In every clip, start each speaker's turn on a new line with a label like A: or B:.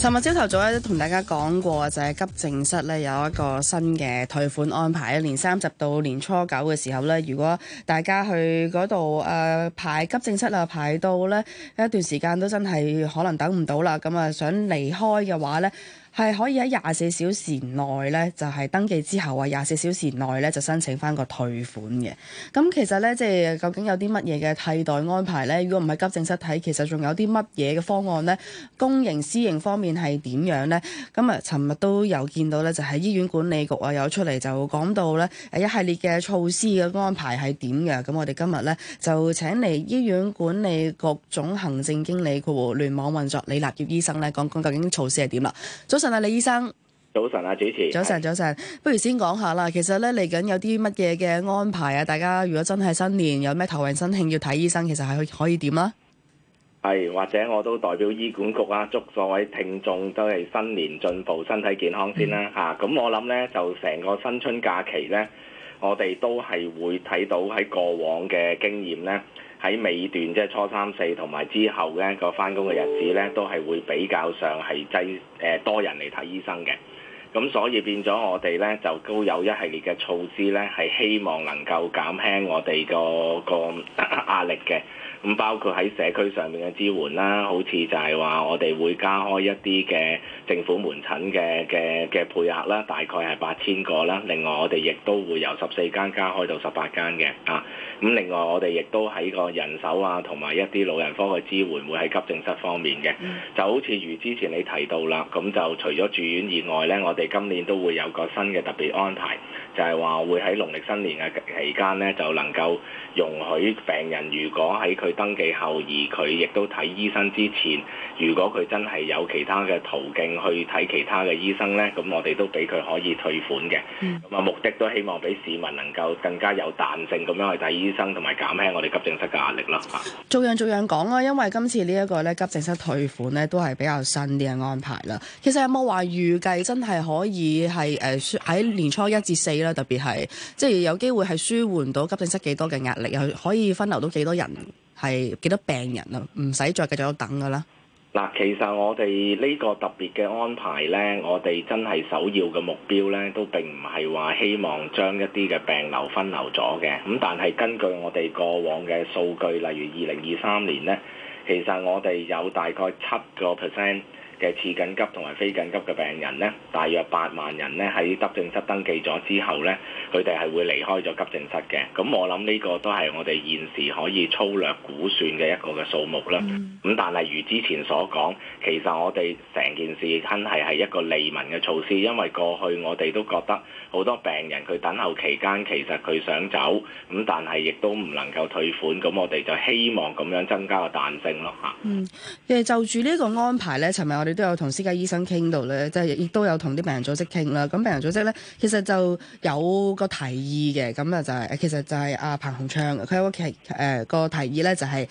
A: 尋日朝頭早咧都同大家講過，就係、是、急症室咧有一個新嘅退款安排，一年三十到年初九嘅時候咧，如果大家去嗰度誒排急症室啊，排到咧一段時間都真係可能等唔到啦，咁啊想離開嘅話咧。係可以喺廿四小時內咧，就係、是、登記之後啊，廿四小時內咧就申請翻個退款嘅。咁其實咧，即係究竟有啲乜嘢嘅替代安排咧？如果唔係急症室睇，其實仲有啲乜嘢嘅方案咧？公營私營方面係點樣咧？咁啊，尋日都有見到咧，就喺、是、醫院管理局啊有出嚟就講到咧，一系列嘅措施嘅安排係點嘅。咁我哋今日咧就請嚟醫院管理局總行政經理佢聯網運作李立業醫生咧講講究竟措施係點啦。早晨啊，李醫生。
B: 早晨啊，主持。早晨，早
A: 晨。不如先講下啦。其實咧，嚟緊有啲乜嘢嘅安排啊？大家如果真係新年有咩頭暈身慶要睇醫生，其實係可以點啊？
B: 係或者我都代表醫管局啊，祝各位聽眾都係新年進步，身體健康先啦吓。咁我諗咧，就成個新春假期咧，我哋都係會睇到喺過往嘅經驗咧。喺尾段即係初三四同埋之後咧個翻工嘅日子咧，都係會比較上係擠誒、呃、多人嚟睇醫生嘅。咁所以變咗我哋咧就都有一系列嘅措施咧，係希望能夠減輕我哋、嗰個個壓力嘅。咁包括喺社區上面嘅支援啦，好似就係話我哋會加開一啲嘅政府門診嘅嘅嘅配額啦，大概係八千個啦。另外我哋亦都會由十四間加開到十八間嘅啊。咁另外，我哋亦都喺個人手啊，同埋一啲老人科嘅支援，會喺急症室方面嘅，mm hmm. 就好似如之前你提到啦。咁就除咗住院以外呢，我哋今年都會有個新嘅特別安排。就係話會喺農曆新年嘅期間呢，就能夠容許病人，如果喺佢登記後，而佢亦都睇醫生之前，如果佢真係有其他嘅途徑去睇其他嘅醫生呢，咁我哋都俾佢可以退款嘅。咁啊、嗯，目的都希望俾市民能夠更加有彈性咁樣去睇醫生，同埋減輕我哋急症室嘅壓力咯。嚇，
A: 做樣做樣講啦，因為今次呢一個呢急症室退款呢，都係比較新啲嘅安排啦。其實有冇話預計真係可以係誒喺年初一至四咧？特別係即係有機會係舒緩到急症室幾多嘅壓力，又可以分流到幾多人，係幾多病人啊？唔使再繼續等㗎啦。
B: 嗱，其實我哋呢個特別嘅安排咧，我哋真係首要嘅目標咧，都並唔係話希望將一啲嘅病流分流咗嘅。咁但係根據我哋過往嘅數據，例如二零二三年咧，其實我哋有大概七個 percent。嘅次緊急同埋非緊急嘅病人呢，大約八萬人呢喺急症室登記咗之後呢，佢哋係會離開咗急症室嘅。咁我諗呢個都係我哋現時可以粗略估算嘅一個嘅數目啦。咁但係如之前所講，其實我哋成件事真係係一個利民嘅措施，因為過去我哋都覺得，好多病人佢等候期間，其實佢想走，咁但係亦都唔能夠退款，咁我哋就希望咁樣增加個彈性咯嚇。嗯，
A: 其實就住呢個安排咧，尋日我哋都有同私家醫生傾到咧，即係亦都有同啲病人組織傾啦。咁病人組織咧，其實就有個提議嘅，咁啊就係其實就係阿彭洪昌，佢有個提誒個提議咧就係、是。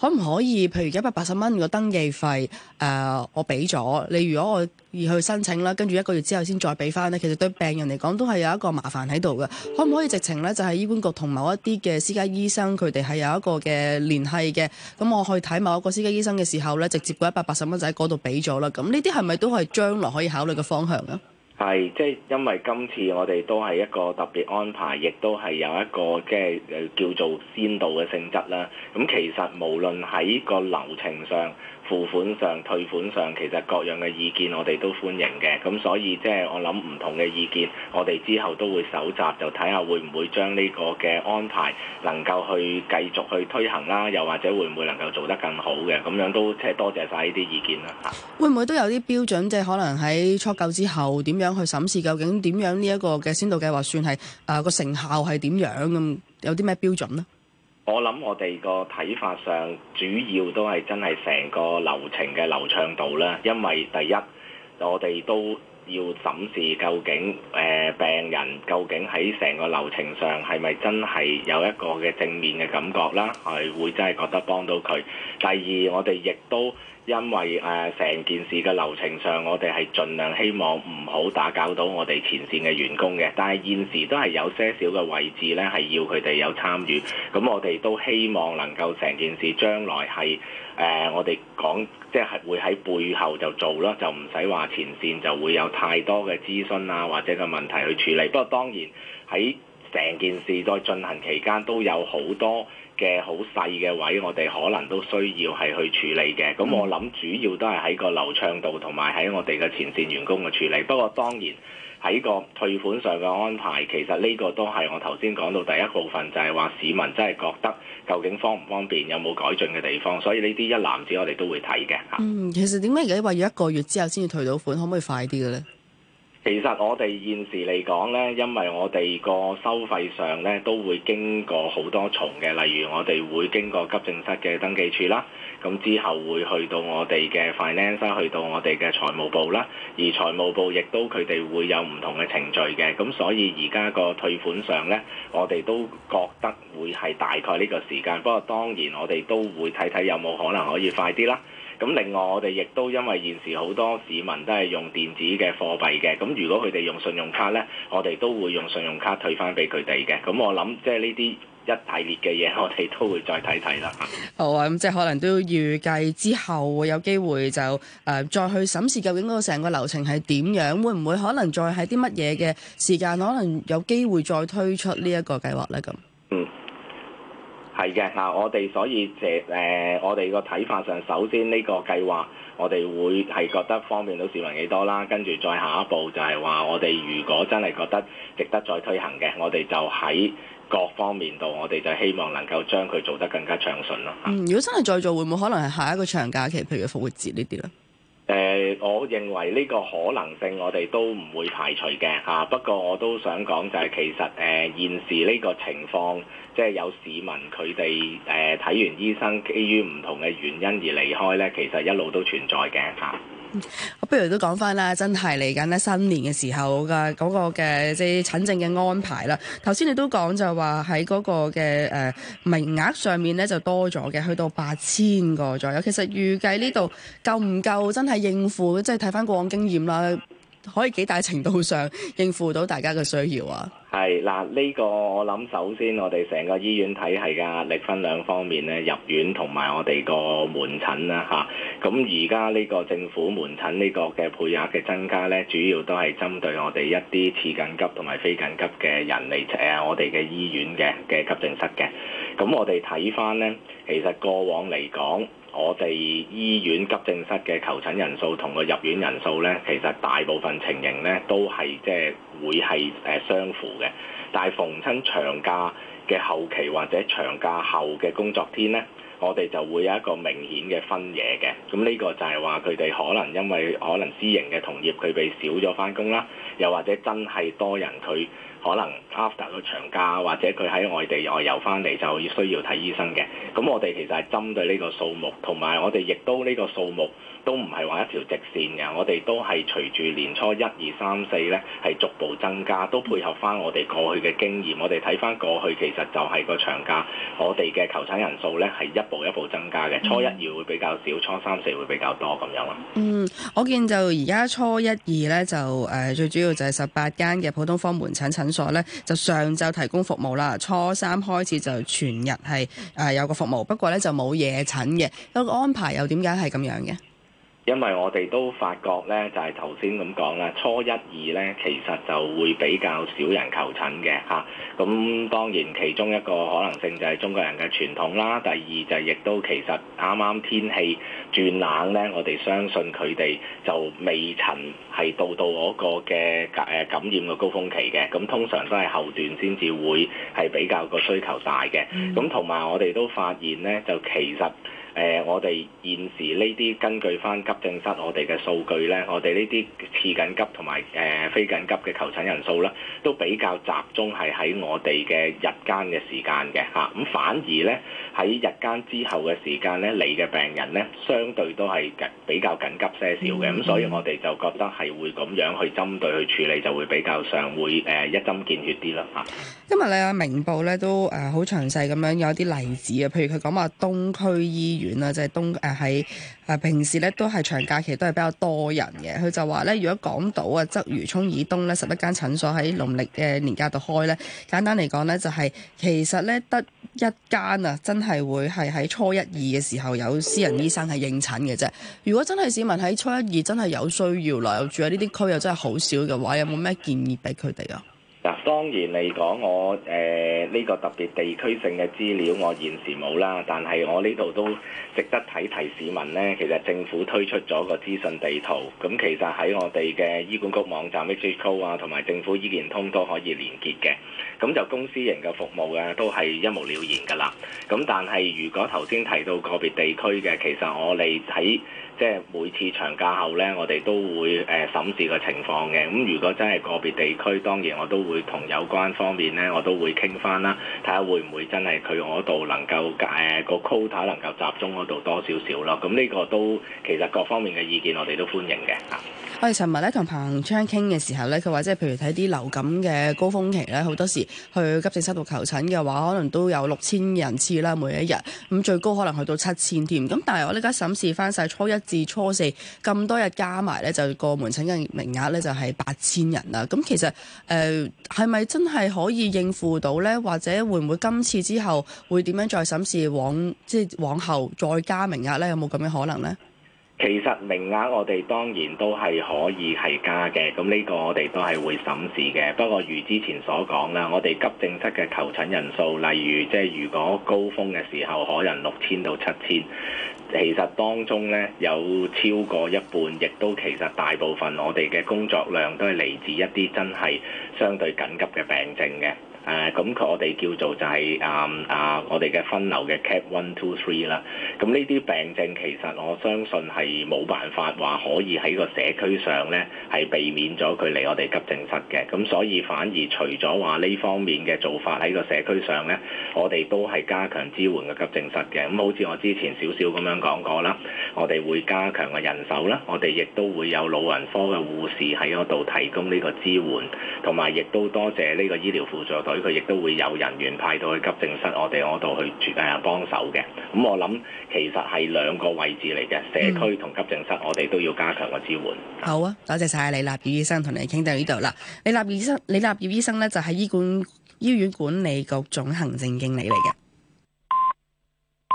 A: 可唔可以，譬如一百八十蚊個登記費，誒、呃，我俾咗，你如果我而去申請啦，跟住一個月之後先再俾翻呢，其實對病人嚟講都係有一個麻煩喺度嘅。可唔可以直情呢？就係醫管局同某一啲嘅私家醫生，佢哋係有一個嘅聯繫嘅，咁我去睇某一個私家醫生嘅時候呢，直接嗰一百八十蚊就喺嗰度俾咗啦。咁呢啲係咪都係將來可以考慮嘅方向啊？
B: 係，即係因為今次我哋都係一個特別安排，亦都係有一個即係叫做先導嘅性質啦。咁其實無論喺個流程上、付款上、退款上，其實各樣嘅意見我哋都歡迎嘅，咁所以即係、就是、我諗唔同嘅意見，我哋之後都會搜集，就睇下會唔會將呢個嘅安排能夠去繼續去推行啦，又或者會唔會能夠做得更好嘅，咁樣都即係、就是、多謝晒，呢啲意見啦。
A: 會唔會都有啲標準，即係可能喺初九之後點樣去審視究竟點樣呢一個嘅先導計劃算係誒個成效係點樣咁、嗯？有啲咩標準呢？
B: 我諗我哋個睇法上，主要都係真係成個流程嘅流暢度啦。因為第一，我哋都要審視究竟誒、呃、病人究竟喺成個流程上係咪真係有一個嘅正面嘅感覺啦，係會真係覺得幫到佢。第二，我哋亦都。因為誒成、呃、件事嘅流程上，我哋係盡量希望唔好打攪到我哋前線嘅員工嘅，但係現時都係有些少嘅位置呢，係要佢哋有參與。咁我哋都希望能夠成件事將來係誒、呃、我哋講即係會喺背後就做咯，就唔使話前線就會有太多嘅諮詢啊、或者個問題去處理。不過當然喺。成件事在進行期間都有好多嘅好細嘅位，我哋可能都需要係去處理嘅。咁我諗主要都係喺個流暢度同埋喺我哋嘅前線員工嘅處理。不過當然喺個退款上嘅安排，其實呢個都係我頭先講到第一部分，就係話市民真係覺得究竟方唔方便，有冇改進嘅地方。所以呢啲一籃子我哋都會睇嘅。
A: 嗯，其實點解而家話要一個月之後先至退到款，可唔可以快啲嘅咧？
B: 其實我哋現時嚟講呢，因為我哋個收費上呢，都會經過好多重嘅，例如我哋會經過急症室嘅登記處啦，咁之後會去到我哋嘅 finance，去到我哋嘅財務部啦，而財務部亦都佢哋會有唔同嘅程序嘅，咁所以而家個退款上呢，我哋都覺得會係大概呢個時間，不過當然我哋都會睇睇有冇可能可以快啲啦。咁另外我哋亦都因為現時好多市民都係用電子嘅貨幣嘅，咁如果佢哋用信用卡呢，我哋都會用信用卡退翻俾佢哋嘅。咁我諗即係呢啲一系列嘅嘢，我哋都會再睇
A: 睇啦。好啊，咁即係可能都要預計之後會有機會就誒、呃、再去審視究竟嗰個成個流程係點樣，會唔會可能再喺啲乜嘢嘅時間可能有機會再推出呢一個計劃咧咁。嗯。
B: 係嘅嚇，我哋所以借誒、呃，我哋個睇法上，首先呢個計劃，我哋會係覺得方便到市民幾多啦，跟住再下一步就係話，我哋如果真係覺得值得再推行嘅，我哋就喺各方面度，我哋就希望能夠將佢做得更加暢順咯。嗯，如
A: 果真係再做，會唔會可能係下一個長假期，譬如復活節呢啲咧？
B: 誒、呃，我認為呢個可能性我哋都唔會排除嘅嚇、啊。不過我都想講就係其實誒、呃、現時呢個情況，即、就、係、是、有市民佢哋誒睇完醫生，基於唔同嘅原因而離開呢，其實一路都存在嘅嚇。啊。
A: 我不如都講翻啦，真係嚟緊咧新年嘅時候嘅嗰個嘅即係診症嘅安排啦。頭先你都講就話喺嗰個嘅誒、呃、名額上面咧就多咗嘅，去到八千個左右。其實預計呢度夠唔夠真係應付，即係睇翻過往經驗啦。可以幾大程度上應付到大家嘅需要啊？
B: 係嗱，呢、這個我諗首先我哋成個醫院體系嘅壓力分兩方面咧，入院同埋我哋個門診啦吓，咁而家呢個政府門診呢個嘅配額嘅增加咧，主要都係針對我哋一啲次緊急同埋非緊急嘅人嚟誒、呃，我哋嘅醫院嘅嘅急症室嘅。咁我哋睇翻咧，其實過往嚟講。我哋醫院急症室嘅求診人數同個入院人數呢，其實大部分情形呢都係即係會係誒相符嘅，但係逢親長假嘅後期或者長假後嘅工作天呢，我哋就會有一個明顯嘅分野嘅。咁呢個就係話佢哋可能因為可能私營嘅同業佢哋少咗返工啦，又或者真係多人佢。可能 after 個長假或者佢喺外地外遊翻嚟就要需要睇醫生嘅，咁我哋其實係針對呢個數目，同埋我哋亦都呢個數目都唔係話一條直線嘅，我哋都係隨住年初一二三四咧係逐步增加，都配合翻我哋過去嘅經驗，我哋睇翻過去其實就係個長假，我哋嘅求診人數咧係一步一步增加嘅，初一二會比較少，初三四會比較多咁樣。嗯，
A: 我見就而家初一二咧就誒、呃、最主要就係十八間嘅普通科門診診。所咧就上晝提供服務啦，初三開始就全日係誒有個服務，不過咧就冇夜診嘅，有個安排又點解係咁樣嘅？
B: 因為我哋都發覺咧，就係頭先咁講啦，初一二咧，其實就會比較少人求診嘅嚇。咁、啊、當然其中一個可能性就係中國人嘅傳統啦。第二就係亦都其實啱啱天氣轉冷咧，我哋相信佢哋就未曾係到到嗰個嘅誒感染嘅高峰期嘅。咁通常都係後段先至會係比較個需求大嘅。咁同埋我哋都發現咧，就其實。誒、呃，我哋現時呢啲根據翻急症室我哋嘅數據咧，我哋呢啲次緊急同埋誒非緊急嘅求診人數啦，都比較集中係喺我哋嘅日間嘅時間嘅嚇，咁、啊、反而咧喺日間之後嘅時間咧嚟嘅病人咧，相對都係緊比較緊急些少嘅，咁、嗯、所以我哋就覺得係會咁樣去針對去處理就會比較上會誒、呃、一針見血啲啦嚇。
A: 因、啊、為你阿明報咧都誒好詳細咁樣有啲例子啊，譬如佢講話東區醫院。遠啦，就係喺誒平時咧都係長假期都係比較多人嘅。佢就話咧，如果港島啊、鰂魚涌以東咧，十一間診所喺農曆嘅年假度開咧，簡單嚟講咧，就係其實咧得一間啊，真係會係喺初一二嘅時候有私人醫生係應診嘅啫。如果真係市民喺初一二真係有需要啦，又住喺呢啲區又真係好少嘅話，有冇咩建議俾佢哋啊？
B: 嗱，當然嚟講，我誒呢個特別地區性嘅資料，我現時冇啦。但係我呢度都值得睇提市民呢。其實政府推出咗個資訊地圖，咁、嗯、其實喺我哋嘅醫管局網站 HA Go 啊，同埋政府醫健通都可以連結嘅。咁、嗯、就公私營嘅服務啊，都係一目了然㗎啦。咁、嗯、但係如果頭先提到個別地區嘅，其實我哋喺即係每次長假後咧，我哋都會誒、呃、審視個情況嘅。咁如果真係個別地區，當然我都會同有關方面咧，我都會傾翻啦，睇下會唔會真係佢嗰度能夠誒、呃那個 quota、啊、能夠集中嗰度多少少咯。咁呢個都其實各方面嘅意見，我哋都歡迎
A: 嘅。我哋尋日咧同彭昌傾嘅時候咧，佢話即係譬如睇啲流感嘅高峰期咧，好多時去急症室度求診嘅話，可能都有六千人次啦，每一日咁最高可能去到七千添。咁但係我呢家審視翻晒初一，初四咁多日加埋呢，就個門診嘅名額呢，就係八千人啦。咁其實誒係咪真係可以應付到呢？或者會唔會今次之後會點樣再審視往即係往後再加名額呢？有冇咁嘅可能呢？
B: 其實名額我哋當然都係可以係加嘅，咁呢個我哋都係會審視嘅。不過如之前所講啦，我哋急症室嘅求診人數，例如即係如果高峰嘅時候可能六千到七千，其實當中呢有超過一半，亦都其實大部分我哋嘅工作量都係嚟自一啲真係相對緊急嘅病症嘅。誒，咁佢、啊、我哋叫做就係、是、誒啊，啊，我哋嘅分流嘅 cap one two three 啦。咁呢啲病症其實我相信係冇辦法話可以喺個社區上咧係避免咗佢嚟我哋急症室嘅。咁、啊、所以反而除咗話呢方面嘅做法喺個社區上咧，我哋都係加強支援嘅急症室嘅。咁、啊、好似我之前少少咁樣講過啦，我哋會加強嘅人手啦，我哋亦都會有老人科嘅護士喺嗰度提供呢個支援，同埋亦都多謝呢個醫療輔助隊佢亦都會有人員派到去急症室，我，我哋嗰度去誒幫手嘅。咁我諗其實係兩個位置嚟嘅，社區同急症室，我哋都要加強個支
A: 援。嗯。好啊，多謝晒。李立業醫生同你傾到呢度啦。李立業醫生，李立業醫生呢，生就係醫管醫院管理局總行政經理嚟嘅。